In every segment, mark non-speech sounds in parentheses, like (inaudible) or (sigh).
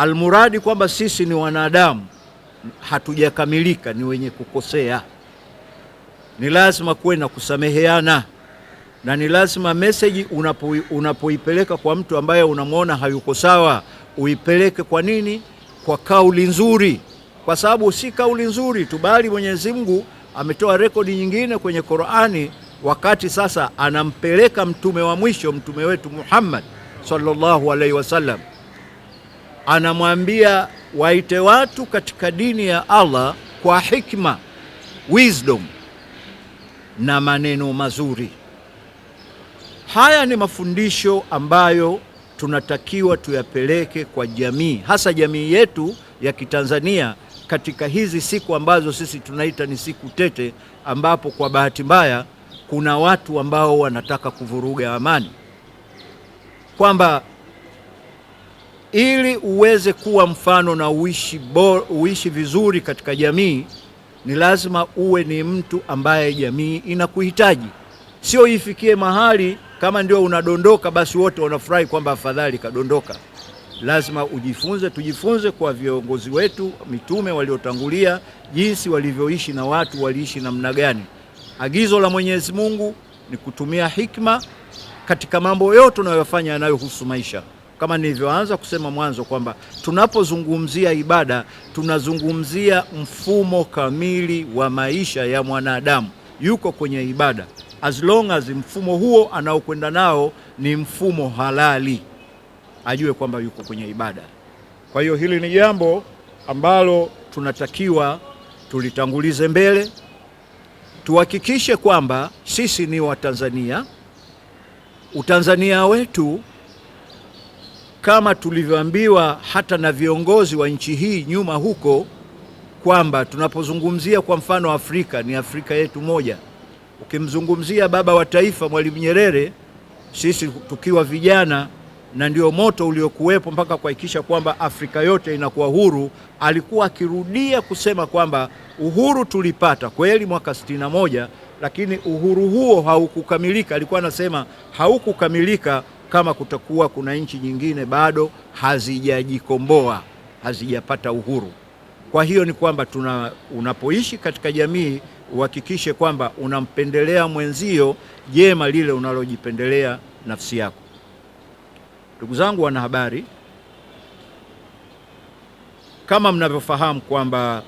Almuradi kwamba sisi ni wanadamu, hatujakamilika, ni wenye kukosea. Ni lazima kuwe na kusameheana, na ni lazima meseji unapo, unapoipeleka kwa mtu ambaye unamwona hayuko sawa, uipeleke kwa nini? Kwa kauli nzuri, kwa sababu si kauli nzuri tu, bali Mwenyezi Mungu ametoa rekodi nyingine kwenye Qur'ani, wakati sasa anampeleka mtume wa mwisho, mtume wetu Muhammad sallallahu alaihi wasallam anamwambia waite watu katika dini ya Allah kwa hikma, wisdom na maneno mazuri. Haya ni mafundisho ambayo tunatakiwa tuyapeleke kwa jamii, hasa jamii yetu ya Kitanzania katika hizi siku ambazo sisi tunaita ni siku tete, ambapo kwa bahati mbaya kuna watu ambao wanataka kuvuruga amani, kwamba ili uweze kuwa mfano na uishi, bo, uishi vizuri katika jamii ni lazima uwe ni mtu ambaye jamii inakuhitaji, sio ifikie mahali kama ndio unadondoka basi wote wanafurahi kwamba afadhali kadondoka. Lazima ujifunze, tujifunze kwa viongozi wetu mitume waliotangulia, jinsi walivyoishi na watu waliishi namna gani. Agizo la Mwenyezi Mungu ni kutumia hikma katika mambo yote unayofanya yanayohusu maisha kama nilivyoanza kusema mwanzo kwamba tunapozungumzia ibada tunazungumzia mfumo kamili wa maisha ya mwanadamu, yuko kwenye ibada, as long as mfumo huo anaokwenda nao ni mfumo halali, ajue kwamba yuko kwenye ibada. Kwa hiyo hili ni jambo ambalo tunatakiwa tulitangulize mbele, tuhakikishe kwamba sisi ni Watanzania. Utanzania wetu kama tulivyoambiwa hata na viongozi wa nchi hii nyuma huko, kwamba tunapozungumzia kwa mfano Afrika ni Afrika yetu moja. Ukimzungumzia baba wa taifa Mwalimu Nyerere, sisi tukiwa vijana, na ndio moto uliokuwepo mpaka kuhakikisha kwamba Afrika yote inakuwa huru, alikuwa akirudia kusema kwamba uhuru tulipata kweli mwaka moja, lakini uhuru huo haukukamilika. Alikuwa anasema haukukamilika kama kutakuwa kuna nchi nyingine bado hazijajikomboa, hazijapata uhuru. Kwa hiyo ni kwamba tuna, unapoishi katika jamii uhakikishe kwamba unampendelea mwenzio jema lile unalojipendelea nafsi yako. Ndugu zangu wanahabari, kama mnavyofahamu kwamba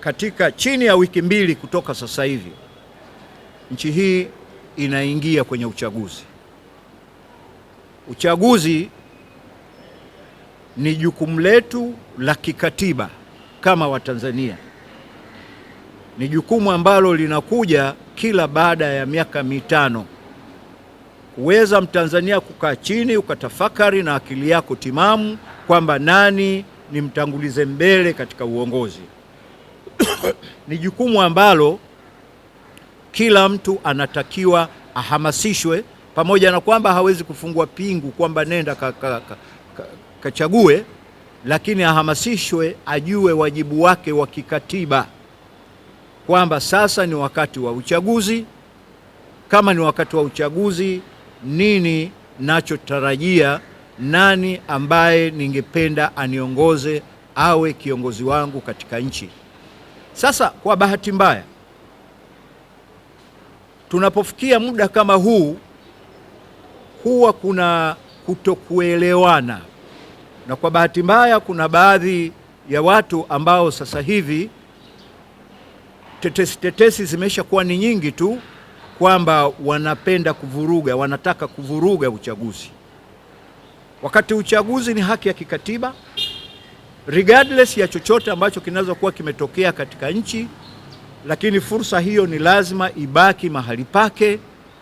katika chini ya wiki mbili kutoka sasa hivi nchi hii inaingia kwenye uchaguzi. Uchaguzi ni jukumu letu la kikatiba kama Watanzania. Ni jukumu ambalo linakuja kila baada ya miaka mitano. Kuweza Mtanzania kukaa chini ukatafakari na akili yako timamu kwamba nani nimtangulize mbele katika uongozi. (coughs) Ni jukumu ambalo kila mtu anatakiwa ahamasishwe pamoja na kwamba hawezi kufungua pingu kwamba nenda kachague ka, ka, ka lakini ahamasishwe ajue wajibu wake wa kikatiba kwamba sasa ni wakati wa uchaguzi. Kama ni wakati wa uchaguzi, nini nachotarajia? Nani ambaye ningependa aniongoze awe kiongozi wangu katika nchi? Sasa kwa bahati mbaya, tunapofikia muda kama huu huwa kuna kutokuelewana, na kwa bahati mbaya kuna baadhi ya watu ambao sasa hivi tetesi tetesi zimesha kuwa ni nyingi tu kwamba wanapenda kuvuruga, wanataka kuvuruga uchaguzi, wakati uchaguzi ni haki ya kikatiba regardless ya chochote ambacho kinaweza kuwa kimetokea katika nchi, lakini fursa hiyo ni lazima ibaki mahali pake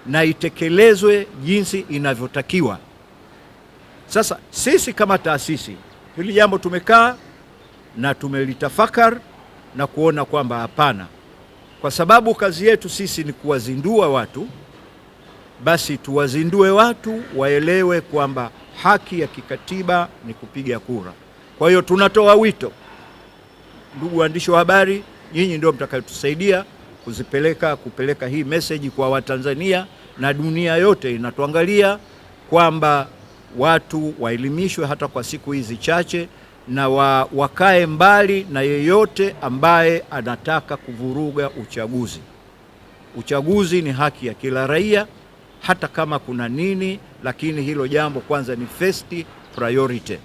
na itekelezwe jinsi inavyotakiwa. Sasa sisi kama taasisi, hili jambo tumekaa na tumelitafakar na kuona kwamba hapana, kwa sababu kazi yetu sisi ni kuwazindua watu, basi tuwazindue watu waelewe kwamba haki ya kikatiba ni kupiga kura. Kwa hiyo tunatoa wito, ndugu waandishi wa habari, nyinyi ndio mtakayotusaidia kuzipeleka kupeleka hii meseji kwa Watanzania na dunia yote inatuangalia kwamba watu waelimishwe hata kwa siku hizi chache na wa, wakae mbali na yeyote ambaye anataka kuvuruga uchaguzi. Uchaguzi ni haki ya kila raia, hata kama kuna nini, lakini hilo jambo kwanza ni first priority.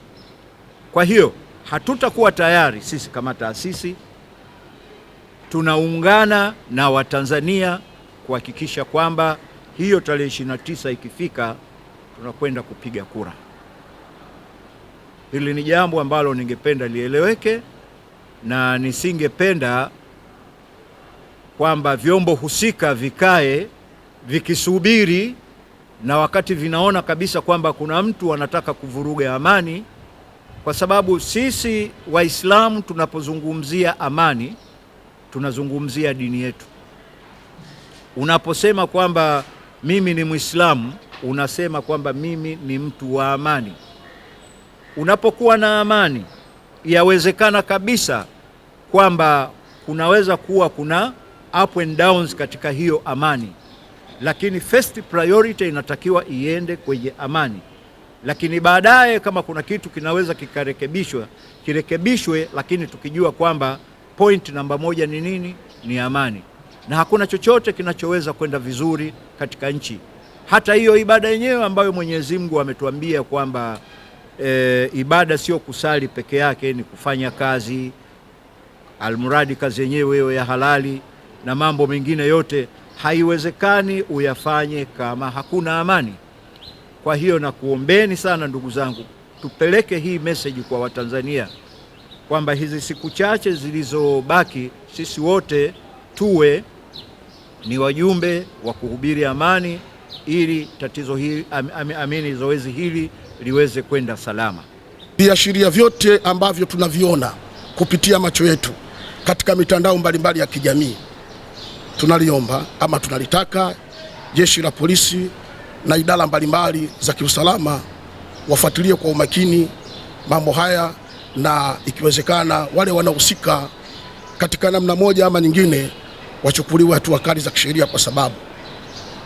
Kwa hiyo hatutakuwa tayari sisi kama taasisi tunaungana na Watanzania kuhakikisha kwamba hiyo tarehe 29 ikifika tunakwenda kupiga kura. Hili ni jambo ambalo ningependa lieleweke na nisingependa kwamba vyombo husika vikae vikisubiri na wakati vinaona kabisa kwamba kuna mtu anataka kuvuruga amani, kwa sababu sisi Waislamu tunapozungumzia amani tunazungumzia dini yetu. Unaposema kwamba mimi ni Mwislamu, unasema kwamba mimi ni mtu wa amani. Unapokuwa na amani, yawezekana kabisa kwamba kunaweza kuwa kuna up and downs katika hiyo amani, lakini first priority inatakiwa iende kwenye amani, lakini baadaye kama kuna kitu kinaweza kikarekebishwa kirekebishwe, lakini tukijua kwamba point namba moja ni nini? Ni amani, na hakuna chochote kinachoweza kwenda vizuri katika nchi, hata hiyo ibada yenyewe ambayo Mwenyezi Mungu ametuambia kwamba e, ibada sio kusali peke yake, ni kufanya kazi, almuradi kazi yenyewe hiyo ya halali na mambo mengine yote haiwezekani uyafanye kama hakuna amani. Kwa hiyo nakuombeni sana ndugu zangu, tupeleke hii meseji kwa Watanzania kwamba hizi siku chache zilizobaki sisi wote tuwe ni wajumbe wa kuhubiri amani ili tatizo hili am, am, amini zoezi hili liweze kwenda salama. Viashiria vyote ambavyo tunaviona kupitia macho yetu katika mitandao mbalimbali mbali ya kijamii, tunaliomba ama tunalitaka jeshi la polisi na idara mbalimbali za kiusalama wafuatilie kwa umakini mambo haya na ikiwezekana wale wanaohusika katika namna moja ama nyingine wachukuliwe hatua kali za kisheria, kwa sababu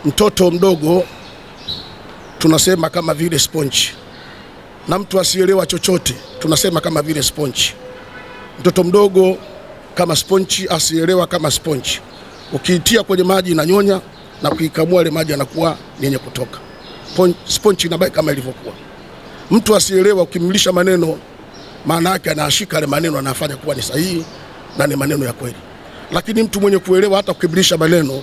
mtoto mdogo tunasema kama vile sponge, na mtu asielewa chochote tunasema kama vile sponge. Mtoto mdogo kama sponge, asielewa kama sponge. Ukiitia kwenye maji inanyonya, na kuikamua ile maji anakuwa yenye kutoka. Sponge inabaki kama ilivyokuwa. Mtu asielewa, ukimlisha maneno maana yake anaashika yale maneno, anafanya kuwa ni sahihi na ni maneno ya kweli. Lakini mtu mwenye kuelewa hata kukibrisha maneno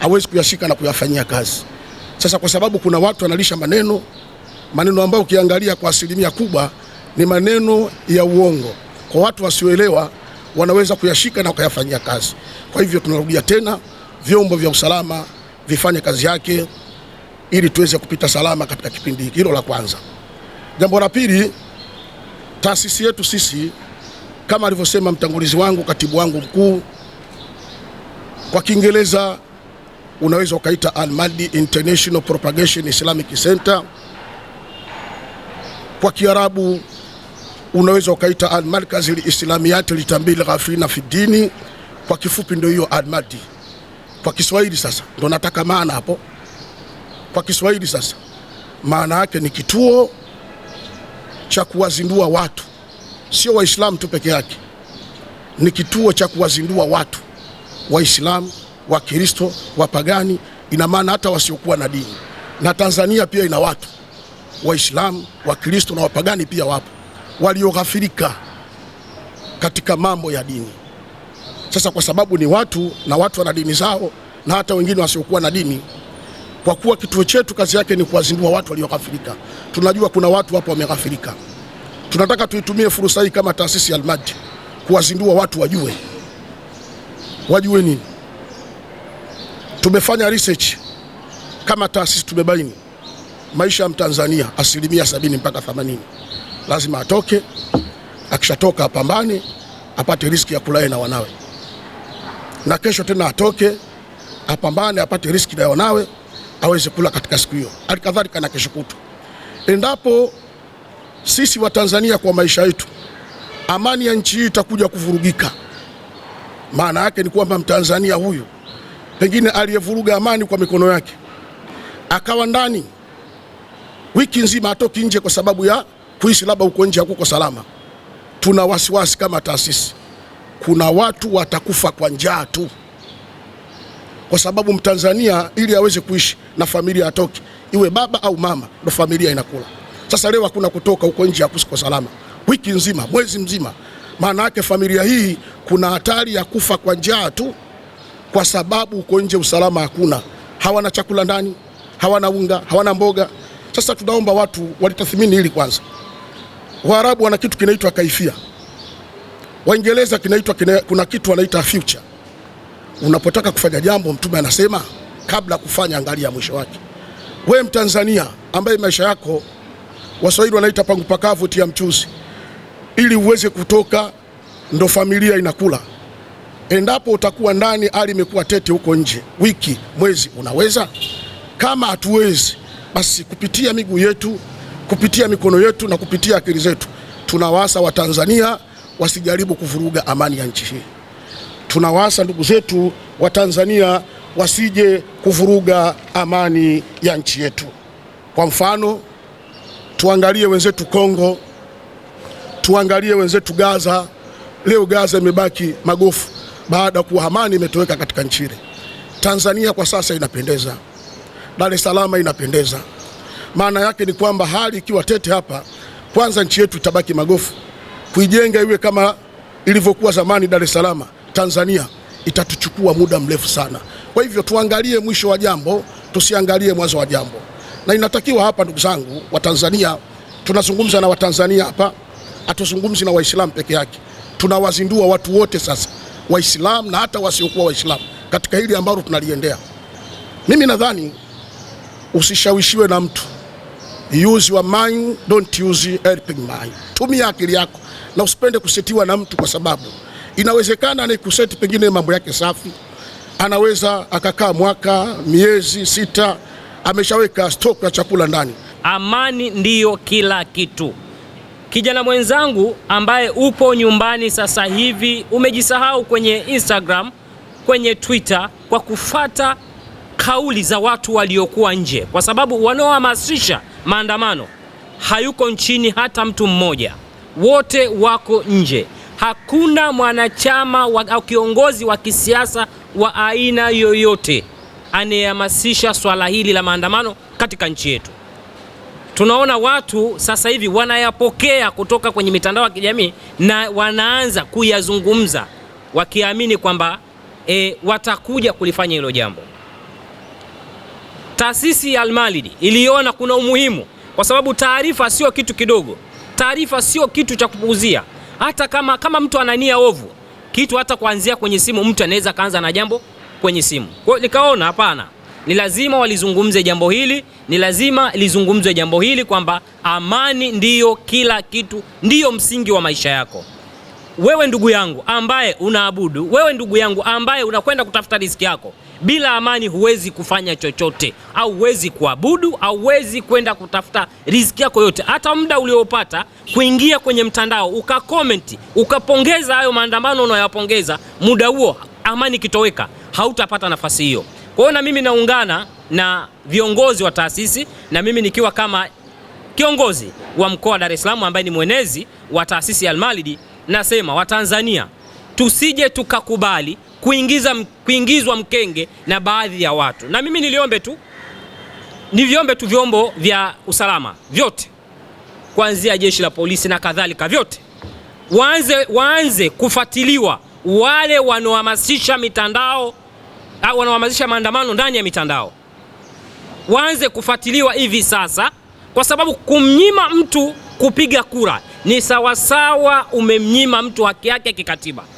hawezi kuyashika na kuyafanyia kazi. Sasa kwa sababu kuna watu wanalisha maneno, maneno ambayo ukiangalia kwa asilimia kubwa ni maneno ya uongo. Kwa watu wasioelewa wanaweza kuyashika na kuyafanyia kazi. Kwa hivyo tunarudia tena, vyombo vya usalama vifanye kazi yake ili tuweze kupita salama katika kipindi hiki. Hilo la kwanza. Jambo la pili Taasisi yetu sisi kama alivyosema mtangulizi wangu, katibu wangu mkuu, kwa Kiingereza unaweza ukaita Almadi International Propagation Islamic Center, kwa Kiarabu unaweza ukaita al islamiyat Litambil fi Fidini, kwa kifupi ndio hiyo al madi kwa Kiswahili. Sasa ndo nataka maana hapo kwa Kiswahili. Sasa maana yake ni kituo cha kuwazindua watu, sio Waislamu tu peke yake, ni kituo cha kuwazindua watu, Waislamu, Wakristo, wapagani, ina maana hata wasiokuwa na dini. Na Tanzania pia ina watu Waislamu, Wakristo na wapagani pia wapo walioghafirika katika mambo ya dini. Sasa kwa sababu ni watu na watu wana dini zao, na hata wengine wasiokuwa na dini kwa kuwa kituo chetu kazi yake ni kuwazindua watu walioghafirika. Tunajua kuna watu hapo wameghafirika, tunataka tuitumie fursa hii kama taasisi ya Almadi kuwazindua watu wajue, wajue nini. Tumefanya research kama taasisi, tumebaini maisha ya Mtanzania asilimia sabini mpaka themanini lazima atoke, akishatoka apambane, apate riski ya kulae na wanawe, na kesho tena atoke, apambane, apate riski na wanawe aweze kula katika siku hiyo, alikadhalika na kesho kutwa. Endapo sisi Watanzania kwa maisha yetu, amani ya nchi hii itakuja kuvurugika, maana yake ni kwamba Mtanzania huyu pengine aliyevuruga amani kwa mikono yake akawa ndani wiki nzima atoki nje kwa sababu ya kuhisi labda uko nje hakuko salama. Tuna wasiwasi kama taasisi, kuna watu watakufa kwa njaa tu kwa sababu Mtanzania ili aweze kuishi na familia atoke, iwe baba au mama, ndo familia inakula. Sasa leo hakuna kutoka huko nje, hakusiko salama wiki nzima, mwezi mzima. Maana yake familia hii kuna hatari ya kufa kwa njaa tu, kwa sababu huko nje usalama hakuna, hawana chakula ndani, hawana unga, hawana mboga. Sasa tunaomba watu walitathmini hili kwanza. Waarabu wana kitu kinaitwa kaifia, Waingereza kinaitwa, kuna kitu wanaita future Unapotaka kufanya jambo, mtume anasema kabla kufanya angalia mwisho wake. We Mtanzania ambaye maisha yako Waswahili wanaita pangu pakavu tia mchuzi, ili uweze kutoka, ndo familia inakula. Endapo utakuwa ndani, hali imekuwa tete huko nje, wiki, mwezi, unaweza kama hatuwezi, basi kupitia miguu yetu, kupitia mikono yetu na kupitia akili zetu, tunawasa Watanzania wasijaribu kuvuruga amani ya nchi hii tunawaasa ndugu zetu wa Tanzania wasije kuvuruga amani ya nchi yetu. Kwa mfano, tuangalie wenzetu Kongo, tuangalie wenzetu Gaza. Leo Gaza imebaki magofu baada ya kuwa amani imetoweka katika nchi ile. Tanzania kwa sasa inapendeza, Dar es Salaam inapendeza. Maana yake ni kwamba hali ikiwa tete hapa, kwanza nchi yetu itabaki magofu, kuijenga iwe kama ilivyokuwa zamani Dar es Salaam Tanzania itatuchukua muda mrefu sana. Kwa hivyo tuangalie mwisho wa jambo, tusiangalie mwanzo wa jambo, na inatakiwa hapa, ndugu zangu Watanzania, tunazungumza na Watanzania hapa, hatuzungumzi na Waislamu peke yake. Tunawazindua watu wote sasa, Waislamu na hata wasiokuwa Waislamu katika hili ambalo tunaliendea. Mimi nadhani usishawishiwe na mtu, use your mind, don't use helping mind. Tumia akili yako na usipende kusitiwa na mtu kwa sababu Inawezekana kuseti pengine mambo yake safi, anaweza akakaa mwaka, miezi sita, ameshaweka stok ya chakula ndani. Amani ndiyo kila kitu. Kijana mwenzangu ambaye upo nyumbani sasa hivi, umejisahau kwenye Instagram, kwenye Twitter kwa kufata kauli za watu waliokuwa nje, kwa sababu wanaohamasisha maandamano hayuko nchini hata mtu mmoja, wote wako nje hakuna mwanachama wa, au kiongozi wa kisiasa wa aina yoyote anayehamasisha swala hili la maandamano katika nchi yetu. Tunaona watu sasa hivi wanayapokea kutoka kwenye mitandao ya kijamii na wanaanza kuyazungumza wakiamini kwamba e, watakuja kulifanya hilo jambo. Taasisi ya Almalidi iliona kuna umuhimu, kwa sababu taarifa sio kitu kidogo, taarifa sio kitu cha kupuuzia. Hata kama, kama mtu anania ovu kitu, hata kuanzia kwenye simu, mtu anaweza kaanza na jambo kwenye simu. Kwa nikaona hapana, ni lazima walizungumze jambo hili, ni lazima lizungumzwe jambo hili kwamba amani ndiyo kila kitu, ndiyo msingi wa maisha yako. Wewe ndugu yangu ambaye unaabudu, wewe ndugu yangu ambaye unakwenda kutafuta riziki yako bila amani huwezi kufanya chochote, au huwezi kuabudu, au huwezi kwenda kutafuta riziki yako yote. Hata muda uliopata kuingia kwenye mtandao ukakomenti, ukapongeza hayo maandamano unayopongeza, muda huo amani ikitoweka, hautapata nafasi hiyo. Kwa hiyo na mimi naungana na viongozi wa taasisi, na mimi nikiwa kama kiongozi wa mkoa wa Dar es Salaam ambaye ni mwenezi wa taasisi ya Almalidi, nasema Watanzania tusije tukakubali kuingiza, kuingizwa mkenge na baadhi ya watu, na mimi niliombe tu niviombe tu vyombo vya usalama vyote kuanzia jeshi la polisi na kadhalika, vyote waanze, waanze kufuatiliwa wale wanaohamasisha mitandao au wanaohamasisha maandamano ndani ya mitandao waanze kufuatiliwa hivi sasa, kwa sababu kumnyima mtu kupiga kura ni sawasawa umemnyima mtu haki yake kikatiba.